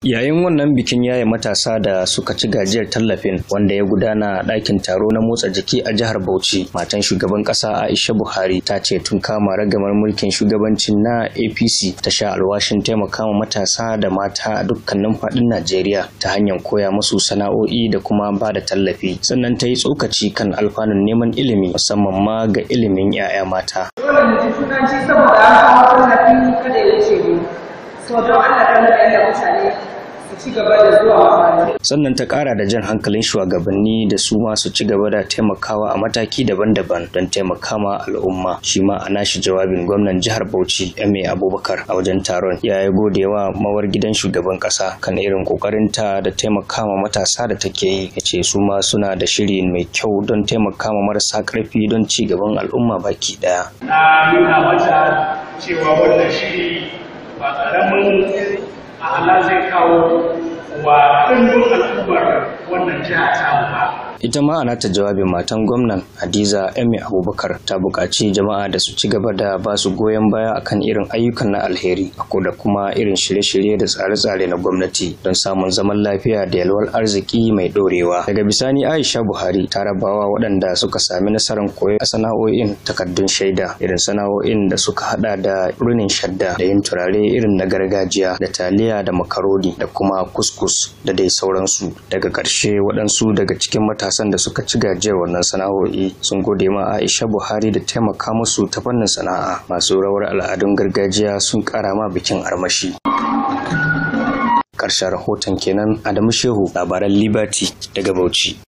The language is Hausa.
Yayin wannan bikin yaya matasa da suka ci gajiyar tallafin wanda ya gudana a ɗakin taro na motsa jiki a jihar Bauchi, matan shugaban ƙasa Aisha Buhari ta ce tun kama ragamar mulkin shugabancin na APC ta sha alwashin taimakawa matasa da mata a dukkanin faɗin Najeriya ta hanyar koya musu sana'o'i da kuma ba da tallafi. Sannan ta yi tsokaci kan alfanun neman ilimi musamman ma ga ilimin 'ya'ya mata. Dole mutum saboda ya ce sannan ta kara da jan hankalin shugabanni da su masu ci gaba da taimakawa a mataki daban-daban don taimakama al'umma shi ma a nashi jawabin gwamnan jihar bauchi ma abubakar a wajen taron ya yi godewa mawar gidan shugaban kasa kan irin kokarinta da taimakawa matasa da take yi ya ce su ma suna da shiri mai kyau don taimakawa marasa karfi don ci gaban al'umma baki daya. cewa wannan shiri ba ƙaramin zai kawo wa ɗin al'ummar wannan jihar samu ba ita ma ana ta jawabin matan gwamnan hadiza emi abubakar ta buƙaci jama'a da su ci gaba da ba su goyon baya akan irin ayyukan na alheri ako da kuma irin shirye-shirye da tsare-tsare na gwamnati don samun zaman lafiya da yalwar arziki mai ɗorewa daga bisani aisha buhari ta rabawa waɗanda suka sami nasarar koyon sana'o'in takardun shaida irin sana'o'in da suka haɗa da runin shadda da yin turare irin na gargajiya da taliya da makaroni da kuma kuskus da dai sauransu daga ƙarshe waɗansu daga cikin matasa matasan da suka ci gajiyar wannan sana'o'i sun gode ma Aisha Buhari da taimaka musu ta fannin sana'a masu rawar al'adun gargajiya sun ƙara ma bikin armashi. Ƙarshen rahoton kenan Adamu Shehu labaran Liberty daga Bauchi.